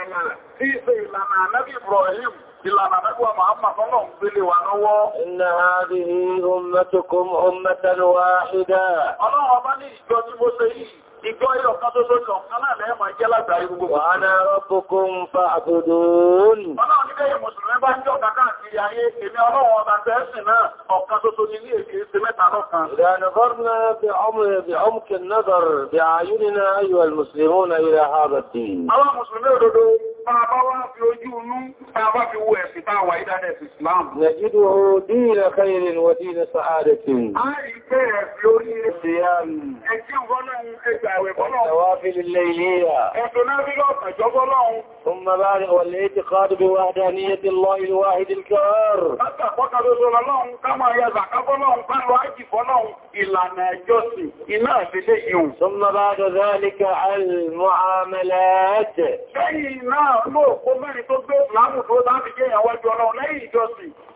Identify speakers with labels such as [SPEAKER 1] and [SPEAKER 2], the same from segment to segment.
[SPEAKER 1] ìrìnlẹ̀ sí ìlànà ànábì Ibrahim ìlànà àdágbà Muhammad fọ́nà ń gbélé wà lọ́wọ́. Inna hadhihi ummatukum ummatan wahida. Ọlọ́run ọba ní ìjọ tí mo ṣe yìí. Ìgbọ́ ìlọ̀ kan tó lórí ọ̀kan náà lẹ́mọ̀ jẹ́ látàrí gbogbo. Wà á náà rọ́bùkú ń fa àgbòdó ní. Ọlọ́run ní bẹ́yẹ̀ Mùsùlùmí bá ń jọ kàkà sí ayé, èmi ọlọ́run ọba tẹ́ẹ̀sì náà, ọ̀kan tó tó ní ní èkè sí mẹ́ta lọ́kan. لنظرنا بعمق النظر بعيوننا أيها المسلمون إلى هذا الدين. Àwọn Mùsùlùmí òdodo bàbá wá fi ojú inú tàbá fi wo ẹ̀sìn táwà ìdádẹ̀ sí Islam. Nàìjídò dínà kẹrin wọ dínà sàádẹ̀ tí ó. A rí pé ẹ̀fì orí ẹ̀sìn ẹ̀jẹ́ ìwọ́lọ́run ẹgbàwẹ̀ bọ́lọ́run. Ẹ̀wà fi lè ilé yà. Ẹ̀tọ́ náà bí lọ́pẹ̀jọ́ bọ́lọ́run. Ó mọ̀ bá rí ọ̀lẹ́ ti kọ́dù bí wà náà lóòkó mẹ́rin tó gbé láàmù tó láti jẹ́ ìyàwó ẹjọ́ ọlọ́run lẹ́yìn ìjọsìn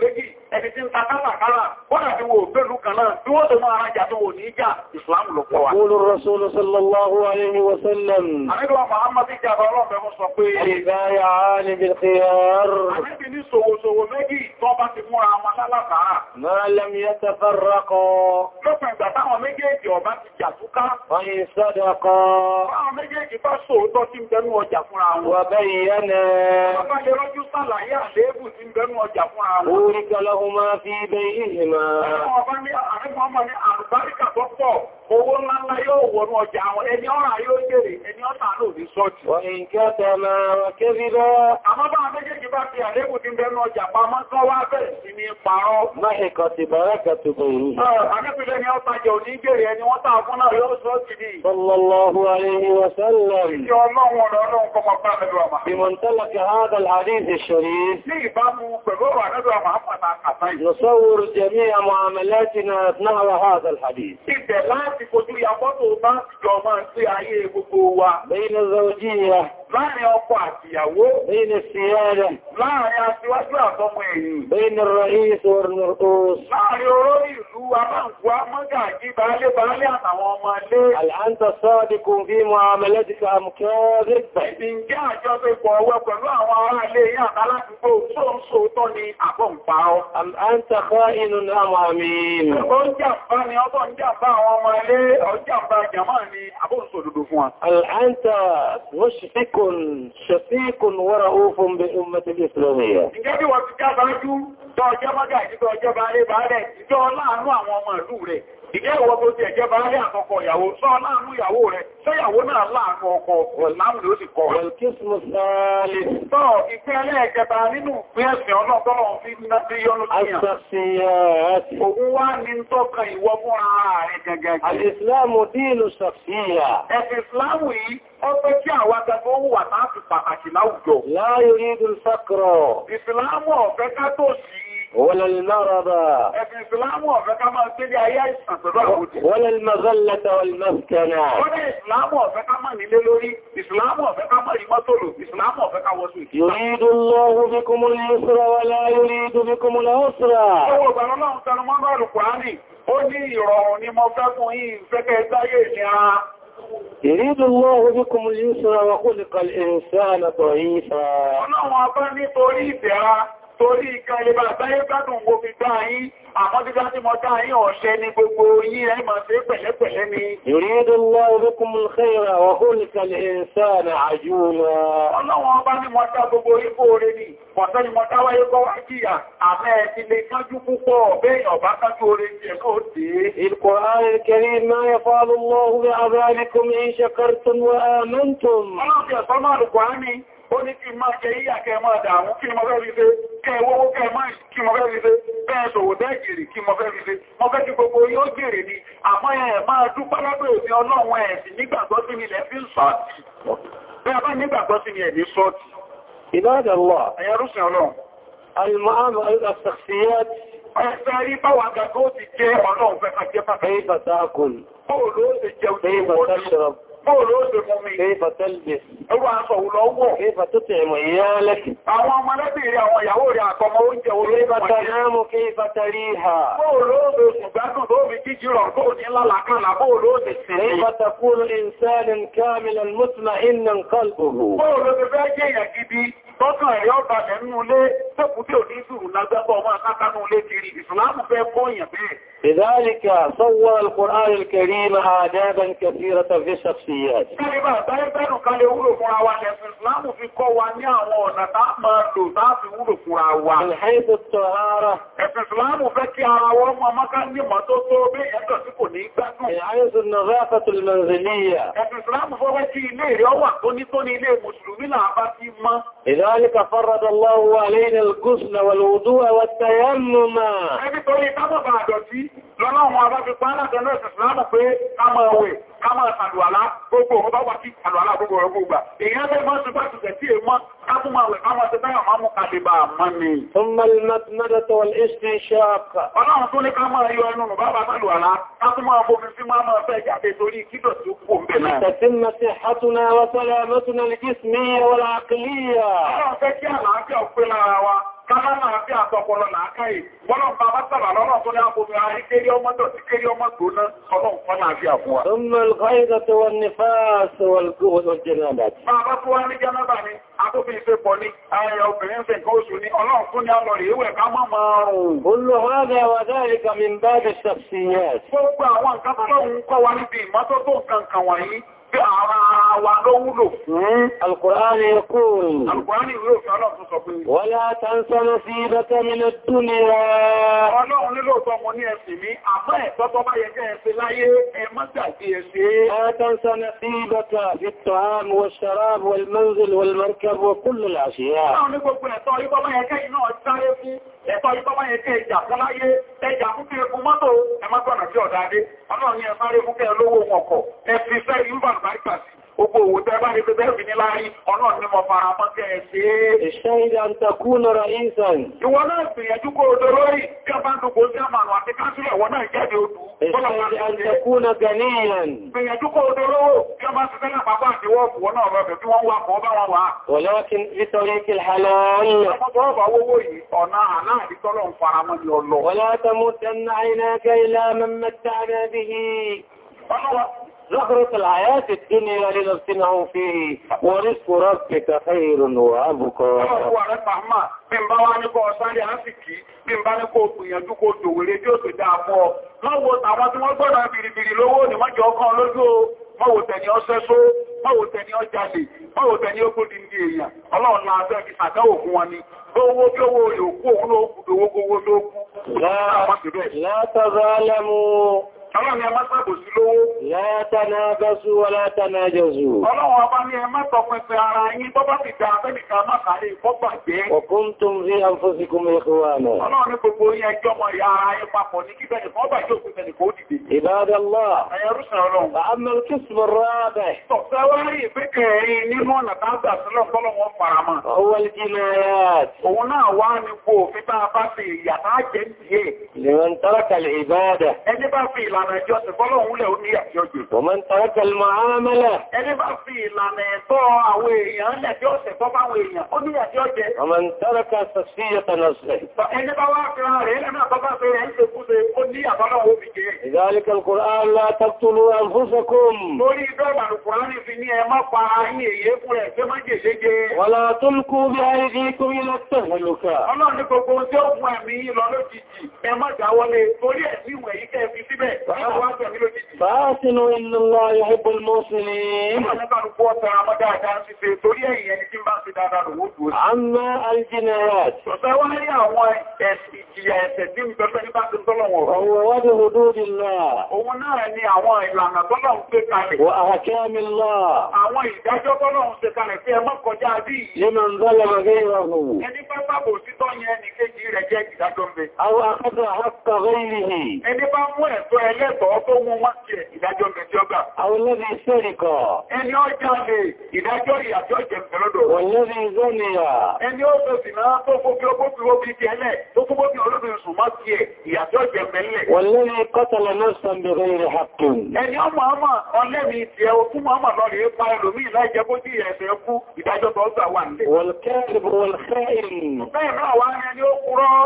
[SPEAKER 1] méjì ẹni tí ń ta kátàkárà kódà tí wo òfẹ́lú kan náà tí wọ́n tó máa ara jà tó wò ní ìjà Islam ló pọ̀ wá. Qulu Rasulu sallallahu alayhi wa sallam. Àníbi wọn máa máa ti jà bá ọlọ́pẹ́ mú sọ pé. Ìgbà yà á ní bil khiyar. Àníbi ní ṣòwòṣòwò méjì tó bá ti rọ́jú sàlàyé àléébù tí ń bẹnu ọjà fúnra wọn. Orí galọ́ ma fi bẹ ìhìmá. Owó ńlá ńlá ẹni ọ̀rà yóò jèrè bá fi àlékù ti bẹnu ọjà pamọ́ tán wá bẹ̀rẹ̀ sí ní parọ́. Máṣẹ̀kọ̀ ti bẹ̀rẹ̀ kẹtù bẹ̀ yìí. Akẹ́kùnlẹ̀ ni ọ́ta jẹ òní gbèrè náà yóò bá máa. Bimuntalaki hadha al-hadith Ní ìbámu pẹ̀lú ọ̀rọ̀ àdọ́dọ̀ àmà àpàtà àkàtàì. Nusawwiru jami'a láàrin ọkọ àti ìyàwó ní ṣíyàrẹ̀ láàrin aṣíwájú àtọmọ ẹ̀yìn ní rọ̀hìsù orùs láàrin olórí ìlú amáǹkúwá mọ́gà jí baálé baálé àtàwọn ọmọ ilé àlàáńtà sọ́ọ̀dìkù bí mọ́ amẹ́lẹ́dìkà mùkẹ́rẹ́gbẹ̀ ṣẹ̀fíkùn wọ́ra ó fún bí ọmọdé ìsìlọ́mìyà. Ìjẹ́ bí wọ́n ti já bá jú, tọ́ ọjọ́ bá ìgbéwọ̀ tó ti ẹ̀jẹ́ bá rí àtọkọ ìyàwó sọ láàánú ìyàwó rẹ̀ sẹ́yàwó náà láàánú ọkọ ọ̀láàmù ló sì kọ̀ rẹ̀. Tọ́ ìpín ẹlẹ́ẹ̀kẹta nínú náà yọ́nú pàtàkì láwùjọ. Láyé orí ìdúnṣàkọ̀rọ̀. Ìsìlámù ọ̀fẹ́ ká tó sí ولا المرض ولا المظلة والمسكنة يريد الله بكم العسر ولا يريد بكم العسر يريد الله بكم اليسر وخلق الإنسان ضعيفا torí ìkan ilébà táyé gbádùn wo fi gbá yín àmọ́dígbá tí mọ́ dá yín ọ̀ṣẹ́ ní gbogbo yín ẹ máa ṣe pẹ̀lẹ́pẹ̀lẹ́ ni. Yuridu Allahu bikumul khayra wa khuliqal insana ajula. Ọlọ́run ọba ní mọ́ dá gbogbo yín kó oore ni, mọ̀tọ́ ni mọ́ dá wáyé ó ní kí máa jẹ yíyà kẹ máa dààmú kí mọ́ fẹ́ rí ṣe kẹ owó kẹ máa kí mọ́ fẹ́ rí ṣe bẹ́ẹ̀ sọ̀wọ́ dẹ́gìrì kí mọ́ fẹ́ rí ṣe mọ́ fẹ́ kí gbogbo yóò jèrè ni àmọ́ ẹ̀ máa dúpẹ́ lábẹ́ òfin ọlọ́run ẹ̀sìn nígbàgbọ́ sí ni lẹ́fí ń sọ́ọ̀tì bẹ́ẹ̀ bá nígbàgbọ́ Bóòlù ó ṣe fún mi. Kéèfà tẹ́lẹ̀. Ẹwà aṣọ òlọ wọ̀. Kéèfà tó tẹ̀ ìmọ̀ ìyá lẹ́kì. Àwọn ọmọ lẹ́bìnrin àwọn ìyàwó rẹ̀ àtọmọ oúnjẹ orí ẹgbà tẹ́lẹ̀mù kéèfà tẹ́lẹ̀ ìhà. Bóòlù ó ṣe ṣùgbádùn tó fi jíjì rọ̀ tó ní lálàkànlá bóòlù ó ṣe sí. Kéèfà takúrò ìnsẹ́lẹ̀ kamilan mutma'innan qalbuhu. Bóòlù ó ṣe fẹ́ jẹ́ ìyà gidi tọ́kàn ẹ̀yọ́ balẹ̀ nínú ilé tẹ́kù tí ò ní ìsùrù lágbàgbọ́ ọmọ akátánú ilé kiri ìsìláàmù fẹ́ kọ́yàn bẹ́ẹ̀. لذلك صور القرآن الكريم آدابا كثيرة في الشخصيات. من حيث الطهارة. من حيث النظافة المنزلية. إذا ولذلك فرض الله علينا الغسل والوضوء والتيمم lọ́lọ́run ọba fi pàánà tẹ́lú ẹ̀sìn ìsìlámù pé ká máa wẹ̀ ká máa sàlùwàlá gbogbo òun bá wà kí sàlùwàlá gbogbo rẹ̀ gbogbo èèyàn fẹ́ mọ́ sí pàtù tẹ̀ sí èmọ́ ká tún máa wẹ̀ ká máa tẹ́lẹ̀ máa mú kàlìbà mọ́ ni. ọlọ́run tó ní ká máa yọ ẹnu nù bábá Kálá máa bí àtọpọlọ làákàyè, wọ́n bá bá sàrà lọ́nà tó ní àpòmí àárí kéré ọmọ tó ti kéré ọmọ tó ná ọlọ́run fọ́n máa fi àfún wa. Ọmọ ìlúkọ́ tó wọ́n ní fáàsọ ọlọ́gbọ́n jẹ́ náà bàtí. Máa bá tó wá ní Jẹ́nàbà ni, àtọ́bí ìfẹ́ pọ̀ ní, ayẹyẹ obìnrin fẹ́ nǹkan oṣù ní ọlọ́run fún ní àlọ́rẹ̀ ìwẹ̀ pé ara wa ló wúlò fún. Alkùránì kúrò. Alkùránì ìwé òfin ọlọ́run sọ pé. Wọ́n yá tánṣọ́nà sí ibẹ́tẹ́ nínú túnlé rẹ̀. Ọlọ́run nílò tọ́ mo ní ẹ̀sìn mi, àmọ́ ẹ̀tọ́ tọ́ bá yẹ ẹ̀tọ́ ìtọ́wọ́ yẹn kí ẹjà fún láyé ẹjà fún kí ẹkùn mọ́tò ẹmọ́gbọ̀nà tí ọ̀dáadé ọlọ́run yẹn sáré fún kẹ́ lówó ọkọ̀ ẹ̀fì fẹ́ ìlú gbogbo òwò tẹ́ bá rí pé bẹ́ẹ̀ ní láàrí ọ̀nà ní mọ̀ fara mọ́ kẹ́ ẹ̀ ṣe é. Ìṣẹ́ ìdá ń takú nọra ìsàn. Ìwọ náà gbìyànjú kó odò lórí tí a bá ń dùkú sí àmàlù àti káṣílẹ̀ ìwọ náà jáde odò. Ìṣẹ́ ìdá ń takú na gàníyàn. Gbìyànjú kó odò lówó tí a bá ti tẹ́lẹ̀ bàbá àti wọ́ọ̀fù wọn náà rọ̀bẹ̀ tí wọ́n wà kọ́ bá wọn wà. Wọ̀lọ́kín nítorí kí halọ́ọ̀lù. Ọmọ bọ́ owó yìí ọ̀nà àná àdítọ́lọ̀ ń faramọ́ ni ọlọ́. Wọ́lá زهرة الحياة الدنيا لنفسنهم فيه ورزق ربك خير وأبقى bí n bá wá ní kọ́ sáré àsìkí bí n bá ní kò gbìyànjú kò dòwèrè tí ó tó dáa pọ̀ mọ́wọ́ tàwọn tí wọ́n gbọ́dọ̀ bìrìbìrì lówó ní mọ́jọ ọkàn lójú mọ́wọ́ Ọlọ́run ẹ má pẹ̀bò sí lówó. Látàná gọ́sù wọ látàná jẹ́sù. Ọlọ́run ọba ní ẹ má tọpinpin ara yín bọ́ bá ti dá abẹ́nìká má kàrí ìfọ́gbà jẹ́. Ọkún tó ń rí àǹfọ́síkún mẹ́kọ́ wà náà. Ọlọ́run ní gbogbo yín ẹjọ́ mọ̀ ya ara yín papọ̀ ní kíbẹ̀ nìkan ọba yóò fún ẹnìkan ó dìde. Ibadallah. Ẹ̀rùsìn Ọlọ́run. Àmọ́ kí sọ̀rọ̀ ìlànà ìjọsìn fọ́lọ́hun lẹ̀ ó ní àti ọjọ́. Wọ́n máa ń tọwọ́ pẹ̀lú màámẹ́lẹ̀. Ẹni bá fi ìlànà ẹ̀tọ́ àwọn èèyàn lẹ̀ tí ó sì fọ́ báwọn èèyàn, ó ní àti ọjọ́. Wọ́n máa ń tọ́rọ kan sọ sí ìyọ̀tọ̀nà sẹ̀. Ẹni bá wá fi rán rẹ̀ lẹ́nà tó bá fi rẹ̀ ń ṣe kúse, ó ní àbọ́lọ́wọ́ fi jẹ́. Ìdáríkà Kùrán la tọ́tùlú àǹfúsọkùn. Lórí المحاسن إن الله يحب المحسنين عما الجنايات هو وجه حدود الله وأحكام الله لمن ظلم غيره jẹ́ ìdájọ́ ń bẹ. Àwọn akọ́dọ̀ àkọ́ rẹ́ìlìhì. Ẹni bá mú ẹ̀tọ́ ẹlẹ́tọ̀ọ́ tó mú wọ́n jẹ ìdájọ́ ń bẹ tí ó gbà. Àwọn olóbi ìṣẹ́rìkọ̀. Ẹni ó jáde ìdájọ́ ìyàjọ́ ìjẹ̀mẹ̀lọ́dọ̀. Olóbi ìzọ́nìyà. Ẹni ó tó sì máa tó fókí ọgbóbi obì ti ẹlẹ́ tó fún bóbi olóbi sùn mọ́ sí ẹ̀ ìyàjọ́ ìjẹ̀mẹ̀lẹ̀. Olóbi kọ́tọ̀lọ̀ ló sọ bèrè rẹ̀ hàtùn. Ẹni ó máa mọ̀ ọlẹ́mi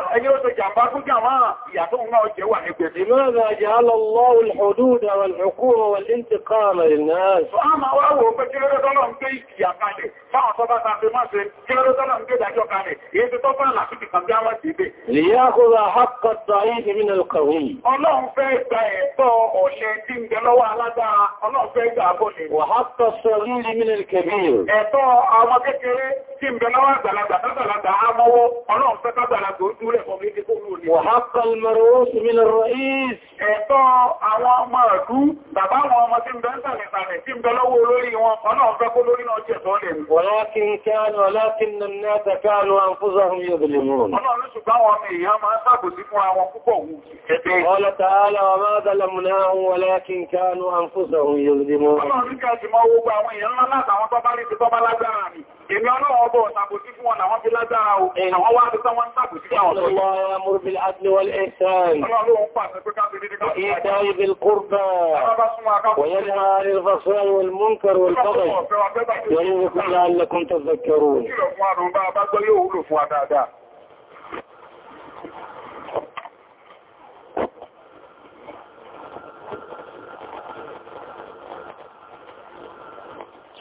[SPEAKER 1] ẹni ó tó jàmbá kú jàmá ìyàtọ̀ náà jẹ́ wà ní gbèsè. Mọ́ra jẹ́ alọ́lọ́wọ́ ìhòdúdà wà ìkúrò wà ní ti kọ́ọ̀lọ̀ ìnáà. Fọ́nà wá wò pé kí lọ́dọ́ tọ́lọ̀ ń gbé ìkìyà kalẹ̀, fáwọn tọ́bá ta fi máa ṣe kí lọ́dọ́ tọ́lọ̀ ń gbé ìdájọ́ kalẹ̀, èyí tó tọ́bá làkìtì kan bí á wá tí ń bẹ lọ́wọ́ àgbàlagbà tágbàlagbà á mọ́wọ́ ọlọ́run fẹ́ tágbàlagbà ó dúrẹ̀ fún mi ní kó ní òní. wàhápá ìmọ̀rọ̀ oṣù mi lọ́rọ̀ ìs. ẹ̀tọ́ àwọn ọmọ ẹ̀dú bàbá àwọn ọmọ tí ń bẹ ń sàlẹ̀ sàlẹ̀ tí ń bẹ lọ́wọ́ olórí wọn ọlọ́run fẹ́ kó lórí náà jẹ̀ tọ́lẹ̀. wàlákin kánú alákin nà kánú àǹfúsàhùn yóò bẹ̀lẹ̀ mú. ọlọ́run ṣùgbọ́n àwọn ọmọ èèyàn máa ń sàbòsí fún àwọn púpọ̀ wù. قال تعالى وما ظلمناهم ولكن كانوا أنفسهم يظلمون. Ọlọ́run ní kí a ti mọ́ owó gbà àwọn èèyàn ńlá látàwọn tọ́bá rí ti tọ́bá lágbára ni. Èmi ọlọ́wọ́ ọgbọ́ ọ̀sàbòsí fún wọn àwọn fi lágbára o, eh. àwọn wá bí sọ́wọ́n sàbòsí fún àwọn ọ̀sọ̀rọ̀. Ọlọ́wọ́ ya múrù bí àdìlẹ̀ wọlé ẹ̀ṣẹ́ rẹ̀. Ọlọ́wọ́ ń pàṣẹ pé ká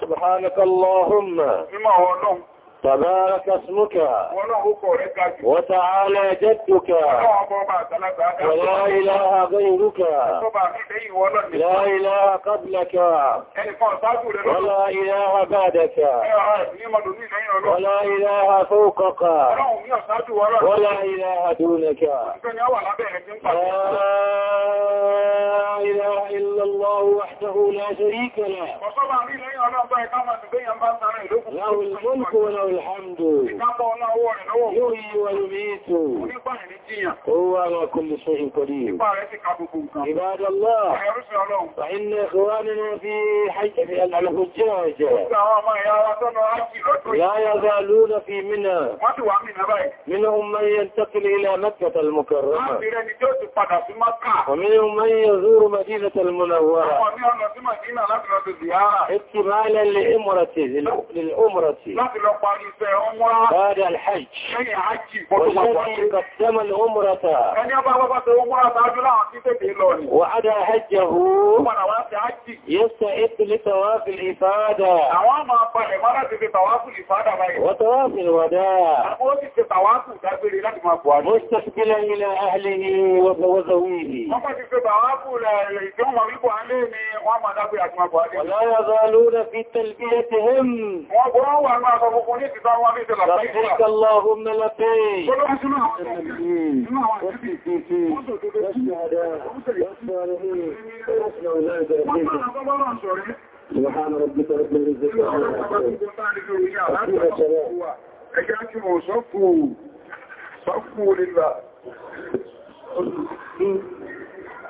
[SPEAKER 1] سبحانك اللهم تبارك اسمك وتعالى جدك ولا إله غيرك لا إله قبلك ولا إله بعدك ولا إله فوقك ولا إله دونك لا إله إلا الله وحده لا شريك له له الملك وله الحمد يحيي ويميت هو على كل شيء قدير عباد الله فإن إخواننا في حج في الحجاج لا يزالون في منى منهم من ينتقل إلى مكة المكرمة ومنهم من يزور مدينة المنورة اكتمالا لأمرتي للأمرة ìfẹ́ ọmọ báadà alhajj ṣẹ́yìn hajji wọ́n kàtàmàl umrata ẹni ọba bá tẹ umrata ajúlá àti tẹ́tẹ̀ lọ ni wà ádá hajjahu yẹ́sẹ̀ ìpìlẹ̀ tawafil ìfàádà àwọn ọmọ apá ẹ̀mọ́ láti fi tawafil ìfàádà báyìí wọ́n tawafil wàdá àwọn ó ti fi tawafil dágbére láti máa bọ̀ àdó mustaqbilan ila ahlihi wa zawihi wọ́n bá ti fi tawafil ìjọ́mọ̀ wípò alé ni wọ́n máa dágbére àti máa bọ̀ àdó لبيك اللهم لبيك سبحان ربك رب العزة عما صفوا صفوا لله